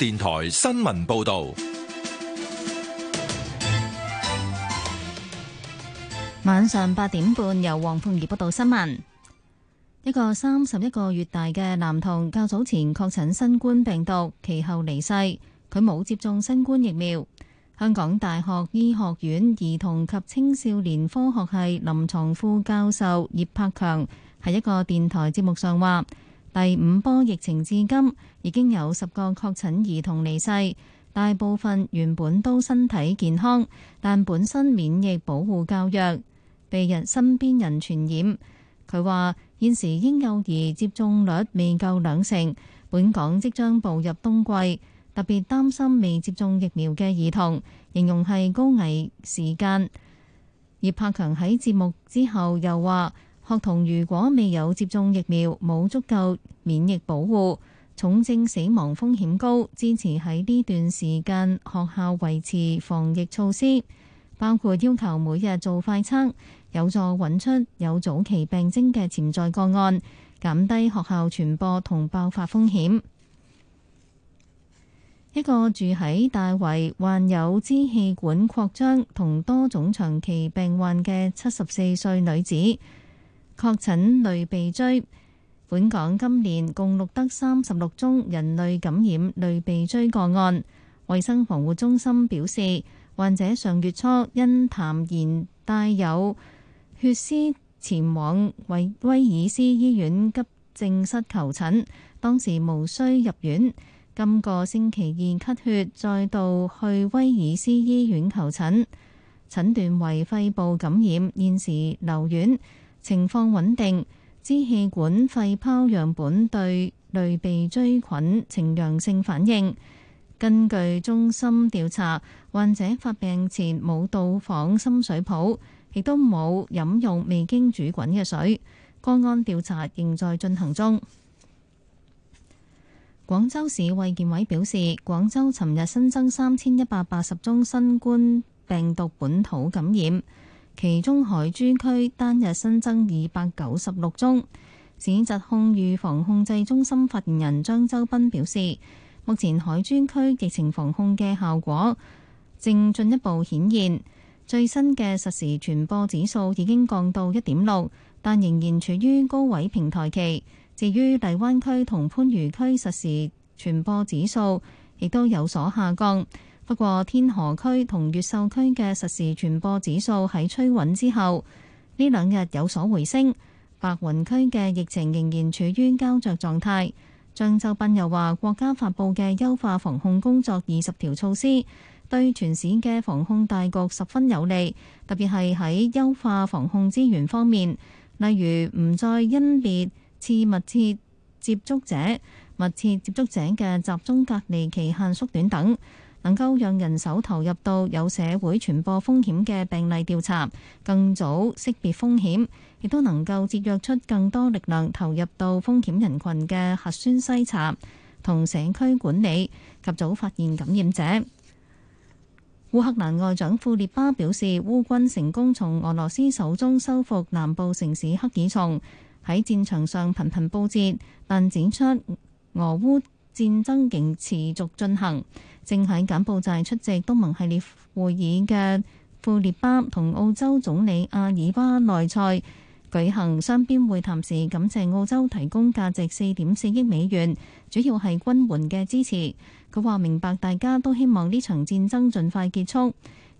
電台新聞報道，晚上八點半由黃鳳儀報道新聞。一個三十一個月大嘅男童較早前確診新冠病毒，其後離世。佢冇接種新冠疫苗。香港大學醫學院兒童及青少年科學系臨床副教授葉柏強喺一個電台節目上話。第五波疫情至今已經有十個確診兒童離世，大部分原本都身體健康，但本身免疫保護較弱，被人身邊人傳染。佢話現時嬰幼兒接種率未夠兩成，本港即將步入冬季，特別擔心未接種疫苗嘅兒童，形容係高危時間。葉柏強喺節目之後又話。學童如果未有接種疫苗，冇足夠免疫保護，重症死亡風險高。支持喺呢段時間學校維持防疫措施，包括要求每日做快測，有助揾出有早期病徵嘅潛在個案，減低學校傳播同爆發風險。一個住喺大圍、患有支氣管擴張同多種長期病患嘅七十四歲女子，確診類鼻疽，本港今年共錄得三十六宗人類感染類鼻疽個案。衛生防護中心表示，患者上月初因痰涎帶有血絲，前往威爾斯醫院急症室求診，當時無需入院。今個星期二咳血，再度去威爾斯醫院求診，診斷為肺部感染，現時留院。情況穩定，支氣管肺泡樣本對類鼻疽菌呈陽性反應。根據中心調查，患者發病前冇到訪深水埗，亦都冇飲用未經煮滾嘅水。公安調查仍在進行中。廣州市衛健委表示，廣州尋日新增三千一百八十宗新冠病毒本土感染。其中海珠區單日新增二百九十六宗，市疾控預防控制中心發言人張周斌表示，目前海珠區疫情防控嘅效果正進一步顯現，最新嘅實時傳播指數已經降到一點六，但仍然處於高位平台期。至於荔灣區同番禺區實時傳播指數亦都有所下降。不過，天河區同越秀區嘅實時傳播指數喺趨穩之後，呢兩日有所回升。白雲區嘅疫情仍然處於膠着狀態。張周斌又話：國家發布嘅優化防控工作二十條措施，對全市嘅防控大局十分有利，特別係喺優化防控資源方面，例如唔再甄別次密切接觸者、密切接觸者嘅集中隔離期限縮短等。能夠讓人手投入到有社會傳播風險嘅病例調查，更早識別風險，亦都能夠節約出更多力量投入到風險人群嘅核酸篩查同社區管理，及早發現感染者。烏克蘭外長庫列巴表示，烏軍成功從俄羅斯手中收復南部城市克爾松，喺戰場上頻頻報捷，但展出俄烏。戰爭仍持續進行，正喺柬埔寨出席東盟系列會議嘅庫列巴同澳洲總理阿爾巴內塞舉行雙邊會談時，感謝澳洲提供價值4.4億美元，主要係軍援嘅支持。佢話明白大家都希望呢場戰爭盡快結束，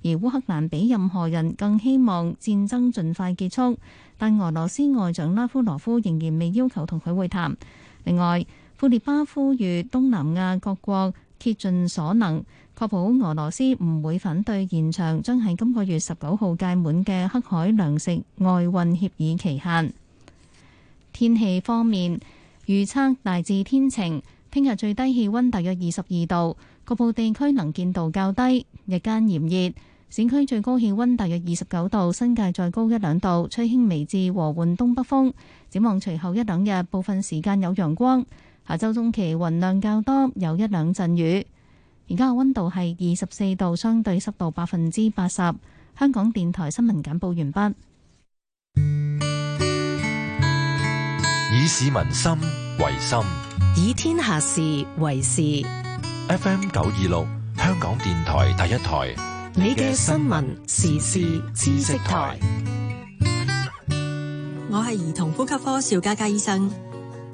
而烏克蘭比任何人更希望戰爭盡快結束，但俄羅斯外長拉夫羅夫仍然未要求同佢會談。另外，庫列巴呼籲東南亞各國竭盡所能，確保俄羅斯唔會反對延長將喺今個月十九號屆滿嘅黑海糧食外運協議期限。天氣方面，預測大致天晴，聽日最低氣溫大約二十二度，局部地區能見度較低，日間炎熱，市區最高氣溫大約二十九度，新界再高一兩度，吹輕微至和緩東北風。展望隨後一兩日，部分時間有陽光。下周中期雲量較多，有一兩陣雨。而家嘅温度係二十四度，相對濕度百分之八十。香港電台新聞簡報完畢。以市民心為心，以天下事為事。FM 九二六，香港電台第一台，你嘅新聞時事知識台。我係兒童呼吸科邵嘉嘉醫生。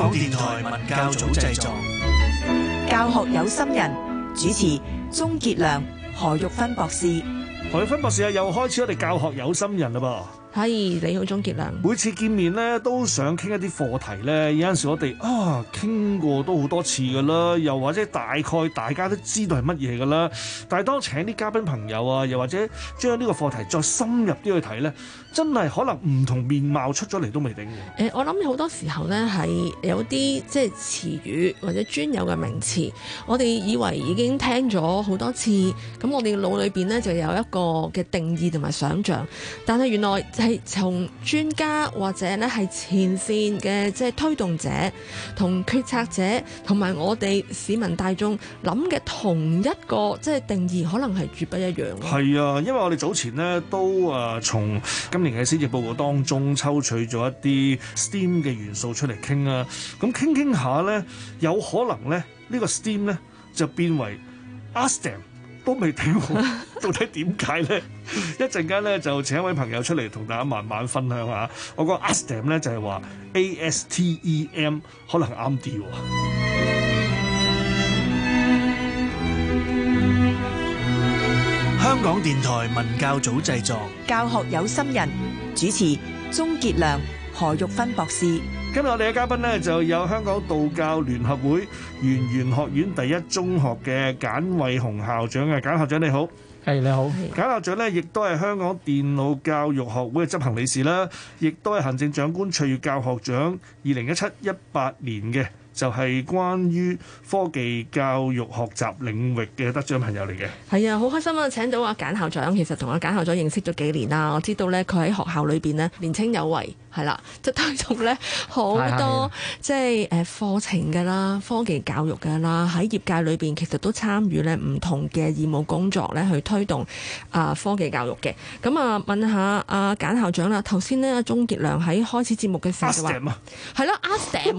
港電台文教組製作，教學有心人主持鍾杰良、何玉芬博士。何玉芬博士啊，又開始我哋教學有心人啦噃。係，你好，鍾杰良。每次見面咧，都想傾一啲課題咧。有陣時我哋啊，傾過都好多次噶啦。又或者大概大家都知道係乜嘢噶啦。但係當請啲嘉賓朋友啊，又或者將呢個課題再深入啲去睇咧。真係可能唔同面貌出咗嚟都未定嘅、欸。我諗好多時候呢，係有啲即係詞語或者專有嘅名詞，我哋以為已經聽咗好多次，咁我哋腦裏邊呢，就有一個嘅定義同埋想像，但係原來係從專家或者呢係前線嘅即係推動者、同決策者同埋我哋市民大眾諗嘅同一個即係、即係、定義，可能係絕不一樣。係啊，因為我哋早前呢，都啊、呃、從。嗯今年喺施政報告當中抽取咗一啲 STEAM 嘅元素出嚟傾啊，咁傾傾下咧，有可能咧呢個 STEAM 咧就變為 ASTEM 都未定，到底點解咧？一陣間咧就請一位朋友出嚟同大家慢慢分享下。我講 ASTEM 咧就係話 A S T E M 可能啱啲。香港電台文教組製作，教學有心人主持鍾傑良、何玉芬博士。今日我哋嘅嘉賓咧，就有香港道教聯合會圓玄學院第一中學嘅簡偉鴻校長嘅。簡校長你好，係你好。簡校長咧，亦都係香港電腦教育學會嘅執行理事啦，亦都係行政長官卓越教學獎二零一七一八年嘅。就係關於科技教育學習領域嘅得獎朋友嚟嘅，係啊，好開心啊！請到阿簡校長，其實同阿簡校長認識咗幾年啦，我知道咧佢喺學校裏邊咧年青有為。係啦 Yeah, 就帶動咧好多即係誒課程嘅啦，科技教育嘅啦，喺業界裏邊其實都參與咧唔同嘅義務工作咧，去推動啊科技教育嘅。咁啊問下阿簡校長啦，頭先呢，阿鍾傑良喺開始節目嘅時候就話係咯 a s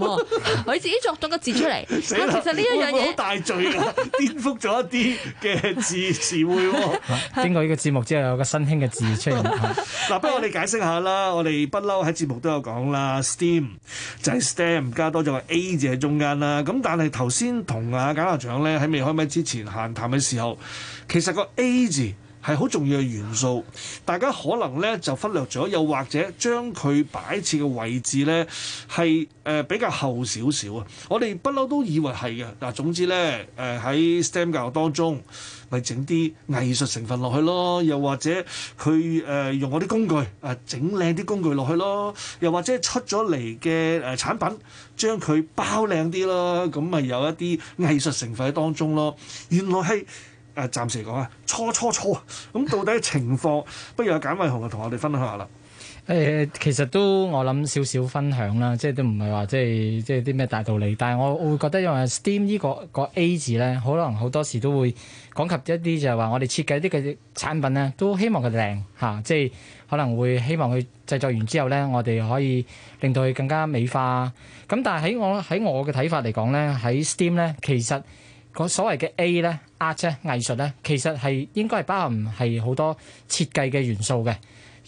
佢自己作咗個字出嚟。其實呢一樣嘢好大罪，顛覆咗一啲嘅字詞彙。經過呢個節目之後，有個新興嘅字出現。嗱，不如我哋解釋下啦，我哋不嬲喺。節目都有講啦，STEAM 就係 STEM 加多咗個 A 字喺中間啦。咁但係頭先同啊簡校長咧喺未開咪之前閒談嘅時候，其實個 A 字係好重要嘅元素，大家可能呢就忽略咗，又或者將佢擺設嘅位置呢係誒、呃、比較後少少啊！我哋不嬲都以為係嘅。嗱，總之呢，誒、呃、喺 STEM 教育當中，咪整啲藝術成分落去咯，又或者佢誒、呃、用我啲工具誒整靚啲工具落去咯，又或者出咗嚟嘅誒產品將佢包靚啲咯，咁咪有一啲藝術成分喺當中咯。原來係。誒，暫時講啊，初初初啊，咁到底情況， 不如阿簡偉鴻同我哋分享下啦。誒，其實都我諗少少分享啦，即係都唔係話即係即係啲咩大道理，但係我我會覺得因為用 STEAM 呢、呢個個 A 字咧，可能好多時都會講及一啲就係話，我哋設計啲嘅產品咧，都希望佢靚嚇、啊，即係可能會希望佢製作完之後咧，我哋可以令到佢更加美化。咁但係喺我喺我嘅睇法嚟講咧，喺 STEAM 咧，其實。個所謂嘅 A 咧，Art 咧，藝術咧，其實係應該係包含係好多設計嘅元素嘅。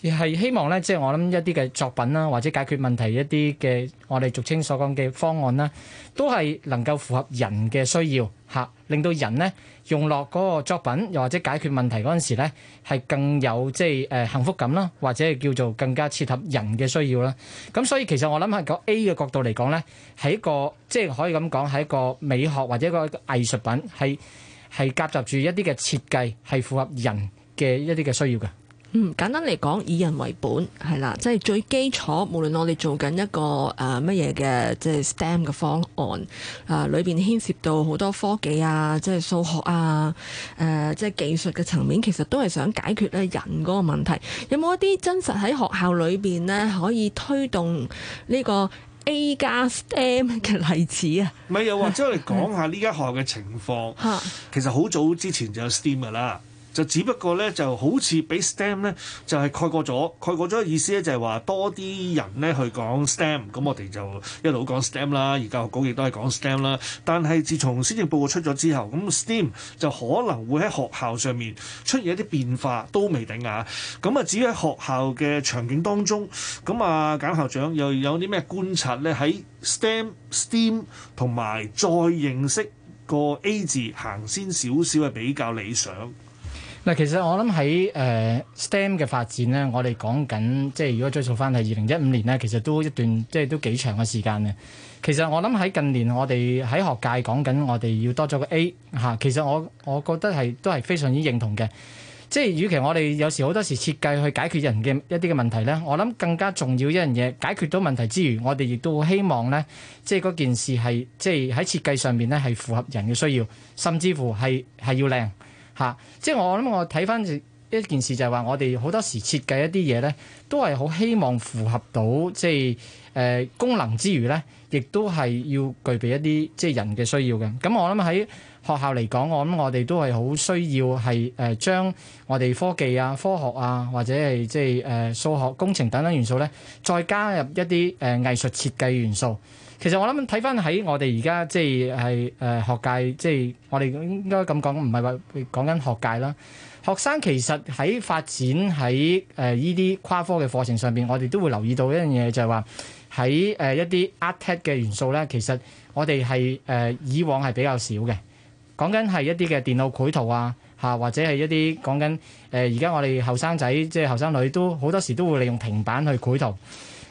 而係希望咧，即係我諗一啲嘅作品啦，或者解決問題一啲嘅，我哋俗稱所講嘅方案啦，都係能夠符合人嘅需要嚇，令到人呢，用落嗰個作品，又或者解決問題嗰陣時咧，係更有即係誒幸福感啦，或者叫做更加切合人嘅需要啦。咁所以其實我諗係個 A 嘅角度嚟講呢，係一個即係可以咁講，係一個美學或者一個藝術品，係係夾雜住一啲嘅設計，係符合人嘅一啲嘅需要嘅。嗯，簡單嚟講，以人為本係啦，即係最基礎。無論我哋做緊一個誒乜嘢嘅即係 STEM 嘅方案，誒裏邊牽涉到好多科技啊，即係數學啊，誒、呃、即係技術嘅層面，其實都係想解決咧人嗰個問題。有冇一啲真實喺學校裏邊咧可以推動呢個 A 加 STEM 嘅例子啊？咪又話出嚟講下呢間學校嘅情況。嚇， 其實好早之前就有 STEAM 噶啦。就只不過咧，就好似俾 STEM 咧，就係、是、蓋過咗。蓋過咗嘅意思咧，就係話多啲人咧去講 STEM。咁我哋就一路講 STEM 啦。而教育局亦都係講 STEM 啦。但係自從施政報告出咗之後，咁 STEM 就可能會喺學校上面出現一啲變化，都未定啊。咁啊，至於喺學校嘅場景當中，咁啊，簡校長又有啲咩觀察咧？喺 STEM、STEAM 同埋再認識個 A 字行先少少係比較理想。嗱，其實我諗喺誒 STEM 嘅發展呢，我哋講緊，即係如果追溯翻係二零一五年呢，其實都一段即係都幾長嘅時間嘅。其實我諗喺近年，我哋喺學界講緊，我哋要多咗個 A 嚇。其實我我覺得係都係非常之認同嘅。即係與其我哋有時好多時設計去解決人嘅一啲嘅問題呢，我諗更加重要一樣嘢，解決到問題之餘，我哋亦都希望呢，即係嗰件事係即係喺設計上面呢係符合人嘅需要，甚至乎係係要靚。嚇！即係我諗，我睇返一件事就係話，我哋好多時設計一啲嘢呢，都係好希望符合到即係誒功能之餘呢，亦都係要具備一啲即係人嘅需要嘅。咁我諗喺學校嚟講，我諗我哋都係好需要係誒將我哋科技啊、科學啊，或者係即係誒數學、工程等等元素呢，再加入一啲誒、呃、藝術設計元素。其實我諗睇翻喺我哋而家即係誒、呃、學界，即係我哋應該咁講，唔係話講緊學界啦。學生其實喺發展喺誒呢啲跨科嘅課程上邊，我哋都會留意到一樣嘢，就係話喺誒一啲 ArtTech 嘅元素咧。其實我哋係誒以往係比較少嘅，講緊係一啲嘅電腦繪圖啊，吓或者係一啲講緊誒而家我哋後生仔即係後生女都好多時都會利用平板去繪圖。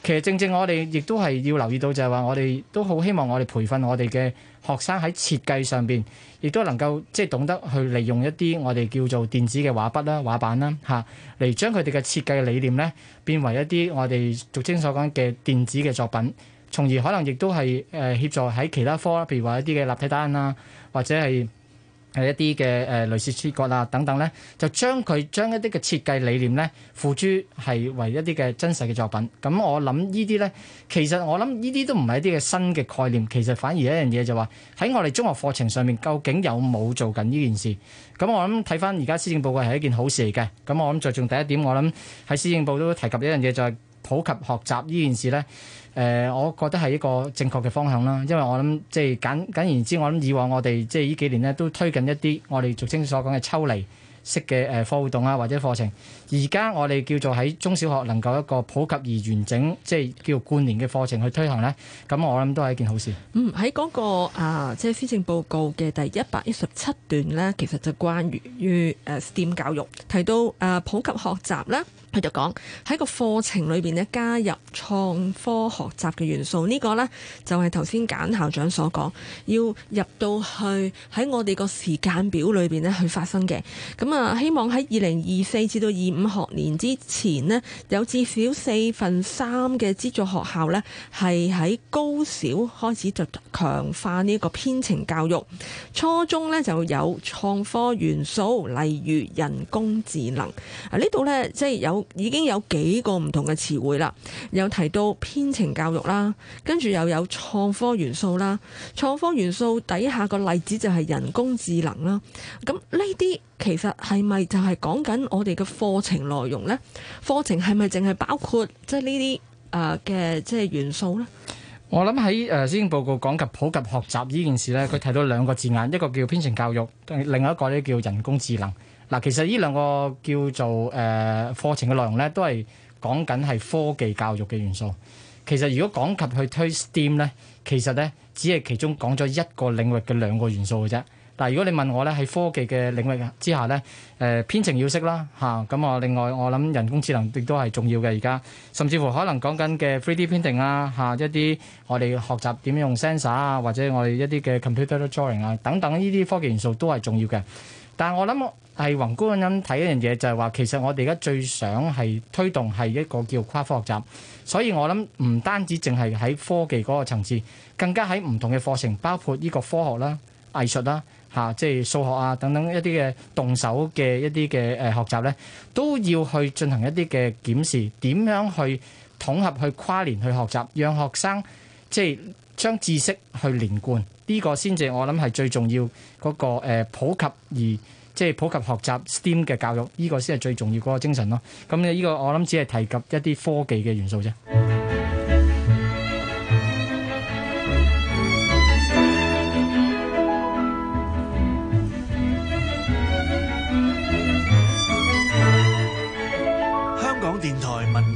其實正正我哋亦都係要留意到，就係話我哋都好希望我哋培訓我哋嘅學生喺設計上邊，亦都能夠即係懂得去利用一啲我哋叫做電子嘅畫筆啦、畫板啦嚇，嚟將佢哋嘅設計理念呢變為一啲我哋俗稱所講嘅電子嘅作品，從而可能亦都係誒協助喺其他科，譬如話一啲嘅立體打印啦，或者係，係一啲嘅誒類似切割啊等等咧，就將佢將一啲嘅設計理念咧付諸係為一啲嘅真實嘅作品。咁我諗依啲咧，其實我諗依啲都唔係一啲嘅新嘅概念。其實反而一樣嘢就話喺我哋中學課程上面究竟有冇做緊呢件事？咁我諗睇翻而家施政報告係一件好事嚟嘅。咁我諗着重第一點，我諗喺施政報告都提及一樣嘢，就係普及學習呢件事咧。誒、呃，我覺得係一個正確嘅方向啦，因為我諗即係簡簡而言之，我諗以往我哋即係呢幾年咧都推緊一啲我哋俗稱所講嘅抽離式嘅誒課活動啊，或者課程。而家我哋叫做喺中小學能夠一個普及而完整，即係叫做貫連嘅課程去推行咧，咁我諗都係一件好事。嗯，喺嗰個啊，即係施政報告嘅第一百一十七段咧，其實就關於誒 STEM 教育，提到誒普及學習咧，佢就講喺個課程裏邊咧加入創科學習嘅元素，呢個咧就係頭先簡校長所講要入到去喺我哋個時間表裏邊咧去發生嘅。咁啊，希望喺二零二四至到二五。學年之前咧，有至少四分三嘅資助學校咧，係喺高小開始就強化呢個編程教育。初中咧就有創科元素，例如人工智能。啊，呢度咧即係有已經有幾個唔同嘅詞彙啦，有提到編程教育啦，跟住又有創科元素啦。創科元素底下個例子就係人工智能啦。咁呢啲其實係咪就係講緊我哋嘅課程？內容咧，課程係咪淨係包括即係呢啲誒嘅即係元素咧？我諗喺誒《施政報告》講及普及學習呢件事咧，佢提到兩個字眼，一個叫編程教育，另外一個咧叫人工智能。嗱，其實呢兩個叫做誒課程嘅內容咧，都係講緊係科技教育嘅元素。其實如果講及去推 STEAM 咧，其實咧只係其中講咗一個領域嘅兩個元素嘅啫。嗱，如果你問我咧，喺科技嘅領域之下咧，誒編程要識啦，嚇咁啊！另外我諗人工智能亦都係重要嘅，而家甚至乎可能講緊嘅 3D printing 啊，嚇一啲我哋學習點樣用 sensor 啊，或者我哋一啲嘅 computer drawing 啊，等等呢啲科技元素都係重要嘅。但係我諗係宏觀咁樣睇一樣嘢，就係話其實我哋而家最想係推動係一個叫跨科學習，所以我諗唔單止淨係喺科技嗰個層次，更加喺唔同嘅課程，包括呢個科學啦、藝術啦。嚇，即係數學啊，等等一啲嘅動手嘅一啲嘅誒學習咧，都要去進行一啲嘅檢視，點樣去統合、去跨年、去學習，讓學生即係將知識去連貫，呢個先至我諗係最重要嗰個誒普及而即係普及學習 STEAM 嘅教育，呢個先係最重要嗰個精神咯。咁咧呢個我諗只係提及一啲科技嘅元素啫。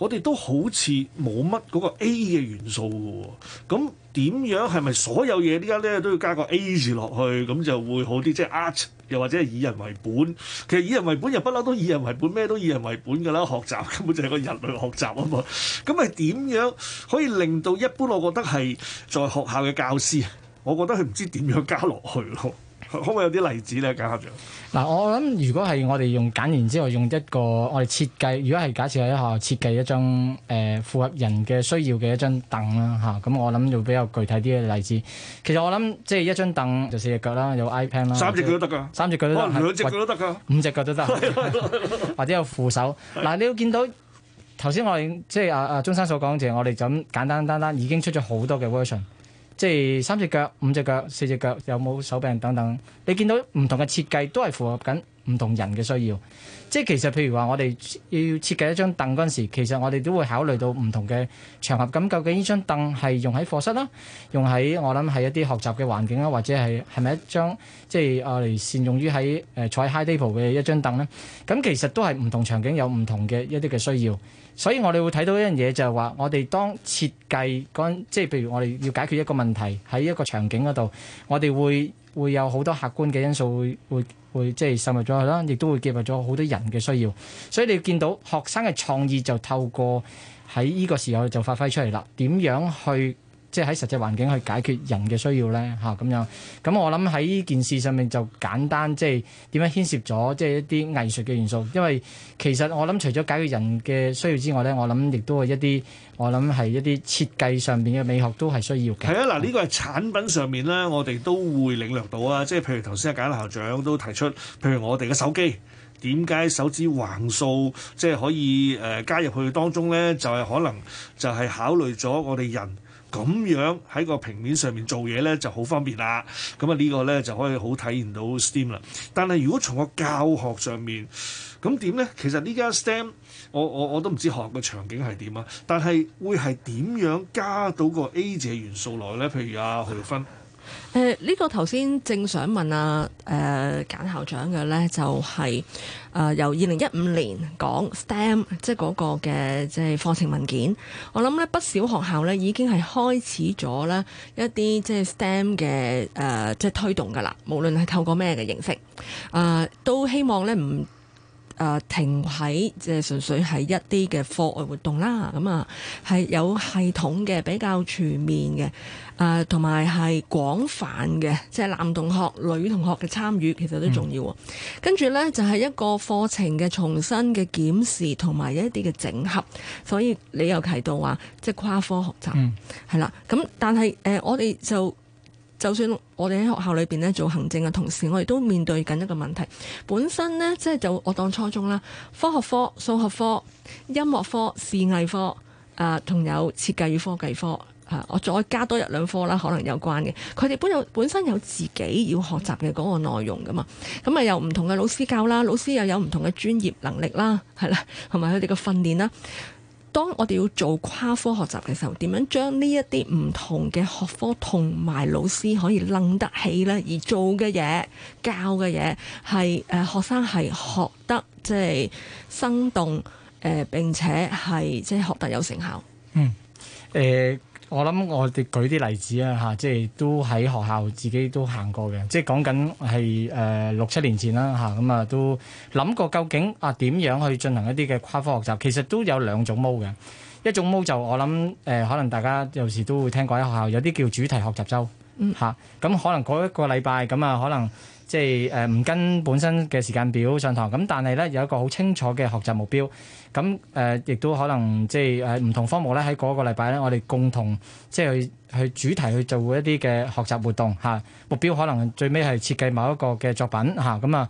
我哋都好似冇乜嗰個 A 嘅元素㗎喎，咁點樣係咪所有嘢呢家咧都要加個 A 字落去，咁就會好啲？即係 art，又或者係以人為本。其實以人為本又不嬲都以人為本，咩都以人為本㗎啦。學習根本就係個人類學習啊嘛。咁係點樣可以令到一般？我覺得係在學校嘅教師，我覺得佢唔知點樣加落去咯。可唔可以有啲例子咧？簡合咗嗱，我諗如果係我哋用揀完之後，我用一個我哋設計，如果係假設喺學校設計一張誒符合人嘅需要嘅一張凳啦吓，咁我諗就比較具體啲嘅例子。其實我諗即係一張凳就四隻腳啦，有 iPad 啦，三隻腳都得噶，三隻腳都得，兩隻腳都得噶，五隻腳都得，或者有扶手。嗱，你要見到頭先我即係啊啊中山所講就係我哋咁簡單單單已經出咗好多嘅 version。即係三隻腳、五隻腳、四隻腳，有冇手柄等等，你見到唔同嘅設計都係符合緊唔同人嘅需要。即係其實譬如話，我哋要設計一張凳嗰陣時，其實我哋都會考慮到唔同嘅場合。咁究竟呢張凳係用喺課室啦、啊，用喺我諗係一啲學習嘅環境啦、啊，或者係係咪一張即係我哋善用於喺誒坐 high table 嘅一張凳呢？咁其實都係唔同場景有唔同嘅一啲嘅需要。所以我哋會睇到一樣嘢，就係話我哋當設計嗰陣，即係譬如我哋要解決一個問題喺一個場景嗰度，我哋會會有好多客觀嘅因素會，會會會即係滲入咗去啦，亦都會結合咗好多人嘅需要。所以你見到學生嘅創意就透過喺呢個時候就發揮出嚟啦。點樣去？即係喺實際環境去解決人嘅需要咧，嚇咁樣咁。我諗喺呢件事上面就簡單，即係點樣牽涉咗即係一啲藝術嘅元素。因為其實我諗除咗解決人嘅需要之外咧，我諗亦都係一啲我諗係一啲設計上邊嘅美學都係需要嘅。係啊，嗱、這、呢個係產品上面啦，我哋都會領略到啊。即係譬如頭先阿簡校長都提出，譬如我哋嘅手機點解手指橫掃即係可以誒、呃、加入去當中咧，就係、是、可能就係考慮咗我哋人。咁樣喺個平面上面做嘢咧就好方便啦。咁啊呢個咧就可以好體現到 STEAM 啦。但係如果從個教學上面，咁點咧？其實呢間 STEM，我我我都唔知學嘅場景係點啊。但係會係點樣加到個 A 字嘅元素來咧？譬如啊，許分。誒、呢、呃這個頭先正想問啊，誒、呃、簡校長嘅呢，就係、是、誒、呃、由二零一五年講 STEM，即係嗰個嘅即係課程文件，我諗呢不少學校呢已經係開始咗呢一啲、呃、即係 STEM 嘅誒即係推動㗎喇，無論係透過咩嘅形式，誒、呃、都希望呢唔。誒、呃、停喺即係純粹係一啲嘅課外活動啦，咁啊係有系統嘅比較全面嘅誒，同埋係廣泛嘅，即係男同學、女同學嘅參與其實都重要。嗯、跟住呢，就係、是、一個課程嘅重新嘅檢視，同埋一啲嘅整合。所以你又提到話即係跨科學習係啦。咁、嗯、但係誒、呃，我哋就。就算我哋喺學校裏邊咧做行政嘅同時，我亦都面對緊一個問題。本身呢，即係就我當初中啦，科學科、數學科、音樂科、視藝科，誒、呃、仲有設計與科技科，啊、呃，我再加多一兩科啦，可能有關嘅。佢哋本有本身有自己要學習嘅嗰個內容㗎嘛，咁啊又唔同嘅老師教啦，老師又有唔同嘅專業能力啦，係啦，同埋佢哋嘅訓練啦。當我哋要做跨科學習嘅時候，點樣將呢一啲唔同嘅學科同埋老師可以拎得起呢，而做嘅嘢、教嘅嘢，係誒、呃、學生係學得即係、就是、生動誒、呃，並且係即係學得有成效。嗯。誒、呃。我諗我哋舉啲例子啊嚇，即係都喺學校自己都行過嘅，即係講緊係誒六七年前啦嚇，咁啊都諗過究竟啊點樣去進行一啲嘅跨科學習？其實都有兩種毛嘅，一種毛，就我諗誒、呃，可能大家有時都會聽過喺學校有啲叫主題學習周嚇，咁、啊嗯啊、可能嗰一個禮拜咁啊可能。即係誒唔跟本身嘅時間表上堂，咁但係呢，有一個好清楚嘅學習目標，咁誒亦都可能即係誒唔同科目呢，喺嗰個禮拜呢，我哋共同即係去去主題去做一啲嘅學習活動嚇，啊，目標可能最尾係設計某一個嘅作品嚇，咁啊。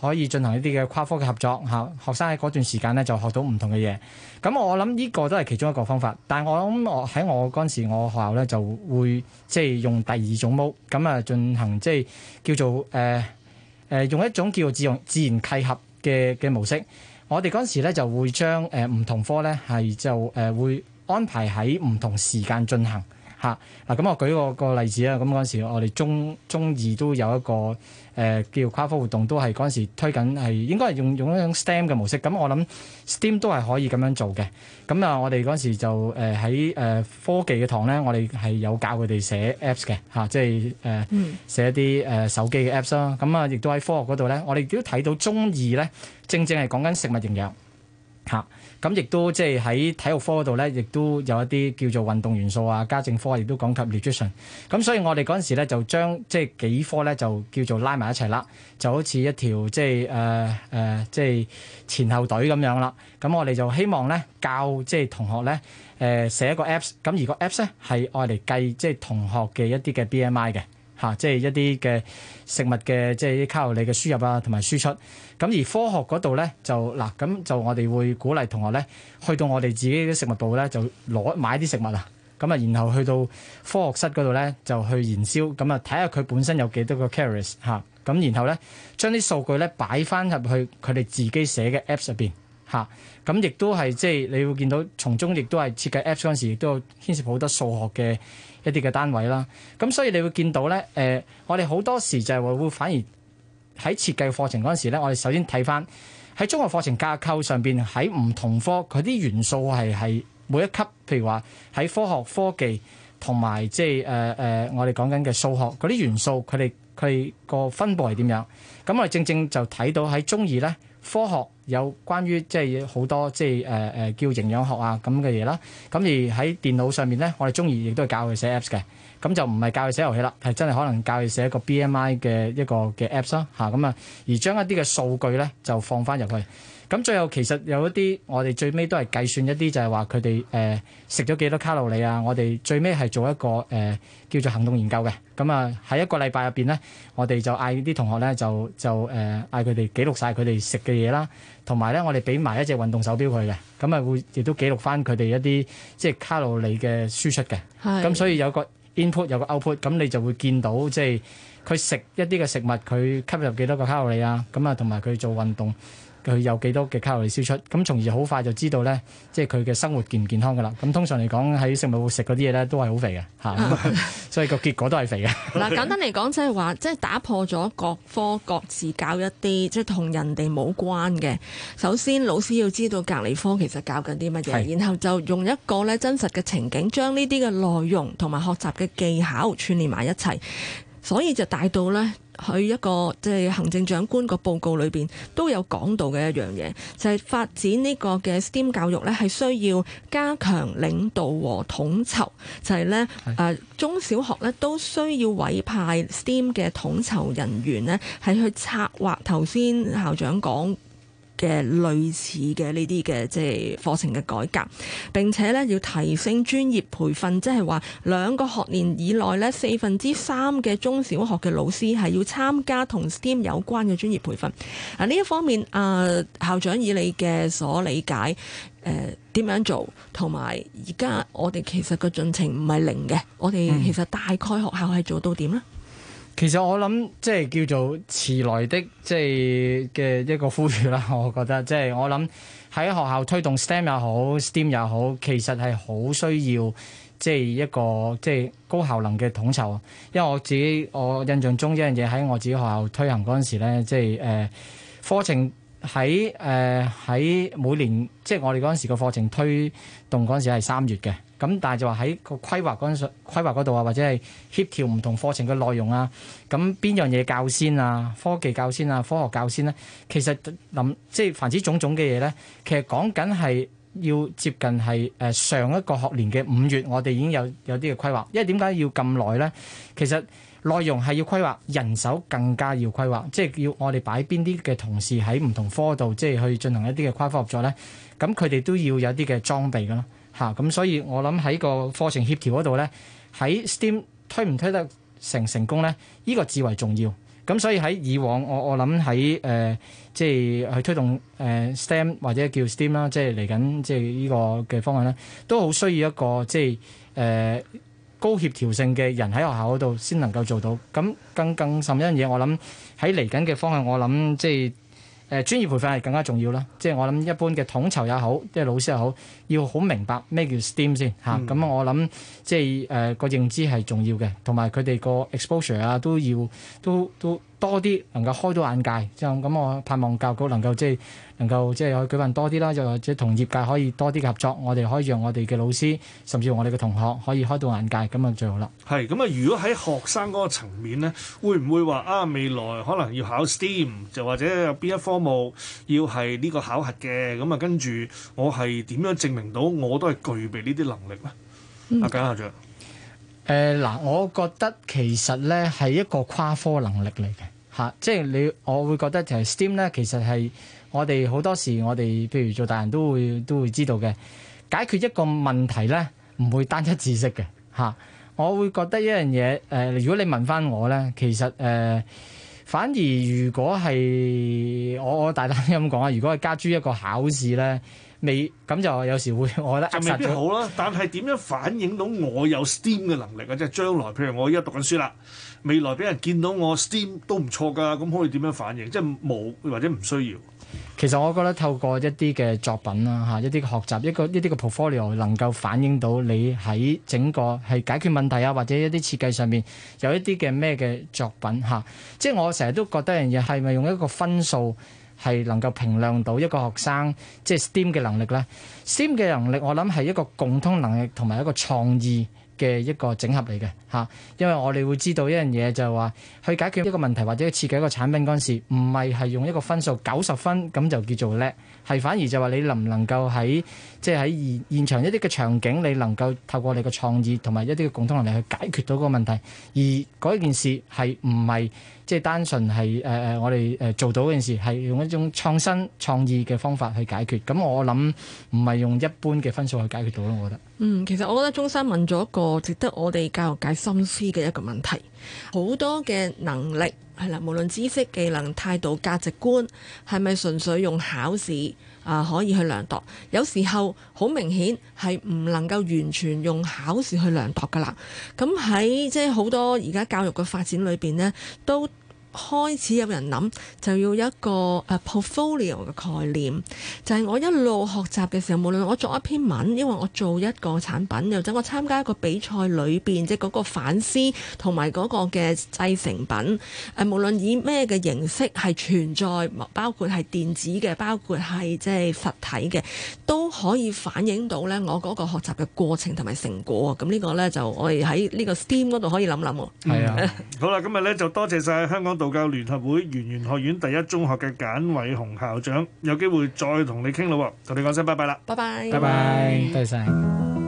可以進行一啲嘅跨科嘅合作，嚇學生喺嗰段時間咧就學到唔同嘅嘢。咁我諗呢個都係其中一個方法，但係我諗我喺我嗰陣時，我學校咧就會即係、就是、用第二種模，咁啊進行即係、就是、叫做誒誒、呃、用一種叫自然自然契合嘅嘅模式。我哋嗰陣時咧就會將誒唔同科咧係就誒會安排喺唔同時間進行。嚇！嗱咁，啊，我舉個個例子啊。咁嗰陣時我哋中中二都有一個誒，呃，叫跨科活動，都係嗰陣時推緊係應該係用用一種 STEM 嘅模式。咁我諗 STEM 都係可以咁樣做嘅。咁，呃，啊，我哋嗰陣時就誒喺誒科技嘅堂咧，我哋係有教佢哋寫 Apps 嘅嚇，即係誒寫啲誒手機嘅 Apps 啦。咁啊，亦都喺科學嗰度咧，我哋都睇到中二咧，正正係講緊食物營養嚇。啊。咁亦都即係喺體育科嗰度咧，亦都有一啲叫做運動元素啊。家政科亦都講及 nutrition。咁所以我哋嗰陣時咧就將即係幾科咧就叫做拉埋一齊啦，就好似一條即係誒誒即係前後隊咁樣啦。咁我哋就希望咧教即係同學咧誒、呃、寫一個 apps。咁而個 apps 咧係愛嚟計即係同學嘅一啲嘅 BMI 嘅。嚇、啊，即係一啲嘅食物嘅即係卡路里嘅輸入啊，同埋輸出。咁、啊、而科學嗰度咧就嗱，咁、啊、就我哋會鼓勵同學咧去到我哋自己啲食物部咧，就攞買啲食物啊。咁啊，然後去到科學室嗰度咧就去燃燒，咁啊睇下佢本身有幾多個 calories 嚇。咁、啊、然後咧將啲數據咧擺翻入去佢哋自己寫嘅 app 入上邊。咁亦都係即係你會見到從，從中亦都係設計 Apps 嗰陣時，亦都牽涉好多數學嘅。一啲嘅單位啦，咁所以你會見到咧，誒、呃，我哋好多時就係會反而喺設計課程嗰陣時咧，我哋首先睇翻喺中學課程架構上邊，喺唔同科佢啲元素係係每一級，譬如話喺科學科技同埋即係誒誒，我哋講緊嘅數學嗰啲元素，佢哋佢個分布係點樣？咁我哋正正就睇到喺中二咧。科學有關於即係好多即係誒誒叫營養學啊咁嘅嘢啦。咁而喺電腦上面咧，我哋中意亦都係教佢寫 apps 嘅，咁就唔係教佢寫遊戲啦，係真係可能教佢寫一個 BMI 嘅一個嘅 apps 咯嚇咁啊，啊。而將一啲嘅數據咧就放翻入去。咁最後其實有一啲，我哋最尾都係計算一啲，就係話佢哋誒食咗幾多卡路里啊。我哋最尾係做一個誒、呃、叫做行動研究嘅咁啊，喺一個禮拜入邊咧，我哋就嗌啲同學咧就就誒嗌佢哋記錄晒佢哋食嘅嘢啦，同埋咧我哋俾埋一隻運動手錶佢嘅咁啊，會亦都記錄翻佢哋一啲即係卡路里嘅輸出嘅。咁是所以有個 input 有個 output，咁你就會見到即係佢食一啲嘅食物，佢吸入幾多個卡路里啊？咁啊，同埋佢做運動，佢有幾多嘅卡路里消出，咁從而好快就知道呢，即係佢嘅生活健唔健康噶啦。咁通常嚟講，喺食物會食嗰啲嘢呢，都係好肥嘅嚇，所以個結果都係肥嘅。嗱 簡單嚟講，即係話，即係打破咗各科各自教一啲，即係同人哋冇關嘅。首先老師要知道隔離科其實教緊啲乜嘢，是然後就用一個咧真實嘅情景，將呢啲嘅內容同埋學習嘅技巧串連埋一齊，所以就大到呢。去一個即係行政長官個報告裏邊都有講到嘅一樣嘢，就係、是、發展呢個嘅 STEM 教育咧，係需要加強領導和統籌，就係咧誒中小學咧都需要委派 STEM 嘅統籌人員呢係去策劃。頭先校長講，嘅類似嘅呢啲嘅即係課程嘅改革，並且咧要提升專業培訓，即係話兩個學年以內咧，四分之三嘅中小學嘅老師係要參加同 STEM 有關嘅專業培訓。嗱呢一方面，啊、呃、校長以你嘅所理解，誒、呃、點樣做，同埋而家我哋其實個進程唔係零嘅，我哋其實大概學校係做到點呢？其實我諗即係叫做遲來的即係嘅一個呼籲啦，我覺得即係、就是、我諗喺學校推動 STEM 也好 ，STEAM 也好，其實係好需要即係、就是、一個即係、就是、高效能嘅統籌。因為我自己我印象中一樣嘢喺我自己學校推行嗰陣時咧，即係誒課程喺誒喺每年即係、就是、我哋嗰陣時個課程推動嗰陣時係三月嘅。咁但係就話喺個規劃嗰陣時，規劃嗰度啊，或者係協調唔同課程嘅內容啊，咁邊樣嘢教先啊？科技教先啊？科學教先咧？其實諗即係凡此種種嘅嘢呢，其實講緊係要接近係誒上一個學年嘅五月，我哋已經有有啲嘅規劃。因為點解要咁耐呢？其實內容係要規劃，人手更加要規劃，即係要我哋擺邊啲嘅同事喺唔同科度，即係去進行一啲嘅跨科合作呢。咁佢哋都要有啲嘅裝備噶啦。嚇咁、嗯，所以我諗喺個課程協調嗰度咧，喺 STEAM 推唔推得成成功咧？呢、這個至為重要。咁所以喺以往，我我諗喺誒，即係去推動誒 STEM 或者叫 STEAM 啦，即係嚟緊即係呢個嘅方向咧，都好需要一個即係誒、呃、高協調性嘅人喺學校嗰度先能夠做到。咁更更甚一樣嘢，我諗喺嚟緊嘅方向，我諗即係。誒、呃、專業培訓係更加重要啦，即係我諗一般嘅統籌也好，即係老師又好，要好明白咩叫 STEAM 先嚇。咁、啊嗯、我諗即係誒、呃、個認知係重要嘅，同埋佢哋個 exposure 啊都要都都，都多啲能夠開到眼界，就、嗯、咁我盼望教育局能夠即係、就是、能夠即係、就是、可以舉辦多啲啦，又或者同業界可以多啲嘅合作，我哋可以讓我哋嘅老師甚至乎我哋嘅同學可以開到眼界，咁啊最好啦。係咁啊，如果喺學生嗰個層面呢，會唔會話啊未來可能要考 Steam，就或者有邊一科目要係呢個考核嘅，咁啊跟住我係點樣證明到我都係具備呢啲能力呢？阿簡校長誒嗱、呃，我覺得其實咧係一個跨科能力嚟嘅，嚇、啊，即係你我會覺得就係 STEAM 咧，其實係我哋好多時我哋譬如做大人都會都會知道嘅，解決一個問題咧唔會單一知識嘅，嚇、啊，我會覺得一樣嘢誒，如果你問翻我咧，其實誒、呃，反而如果係我我大膽咁講啊，如果係加諸一個考試咧，未咁就有時會，我覺得就未必好啦。了但係點樣反映到我有 STEAM 嘅能力啊？即係將來，譬如我而家讀緊書啦，未來俾人見到我 STEAM 都唔錯㗎，咁可以點樣反應？即係冇或者唔需要。其實我覺得透過一啲嘅作品啦，嚇一啲嘅學習，一個一啲嘅 portfolio 能夠反映到你喺整個係解決問題啊，或者一啲設計上面有一啲嘅咩嘅作品嚇。即係我成日都覺得一樣嘢係咪用一個分數？係能夠評量到一個學生即係 STEAM 嘅能力呢 STEAM 嘅能力我諗係一個共通能力同埋一個創意嘅一個整合嚟嘅嚇，因為我哋會知道一樣嘢就係話去解決一個問題或者設計一個產品嗰陣時，唔係係用一個分數九十分咁就叫做叻，係反而就話你能唔能夠喺即係喺現現場一啲嘅場景，你能夠透過你嘅創意同埋一啲嘅共通能力去解決到嗰個問題，而嗰件事係唔係？即係單純係誒誒，我哋誒做到件事係用一種創新創意嘅方法去解決。咁我諗唔係用一般嘅分數去解決到咯，我覺得。嗯，其實我覺得中山問咗一個值得我哋教育界深思嘅一個問題。好多嘅能力係啦，無論知識、技能、態度、價值觀，係咪純粹用考試？啊，可以去量度，有時候好明顯係唔能夠完全用考試去量度噶啦。咁喺即係好多而家教育嘅發展裡邊呢都。開始有人諗就要一個誒、uh, portfolio 嘅概念，就係、是、我一路學習嘅時候，無論我作一篇文，因為我做一個產品，或者我參加一個比賽裏邊，即係嗰個反思同埋嗰個嘅製成品，誒無論以咩嘅形式係存在，包括係電子嘅，包括係即係實體嘅，都可以反映到呢我嗰個學習嘅過程同埋成果。咁呢個呢，就我哋喺呢個 STEAM 嗰度可以諗諗。係啊、嗯， 好啦，今日呢就多謝晒香港道教聯合會圓玄學院第一中學嘅簡偉鴻校長，有機會再同你傾咯，同你講聲拜拜啦，拜拜，拜拜，多謝晒。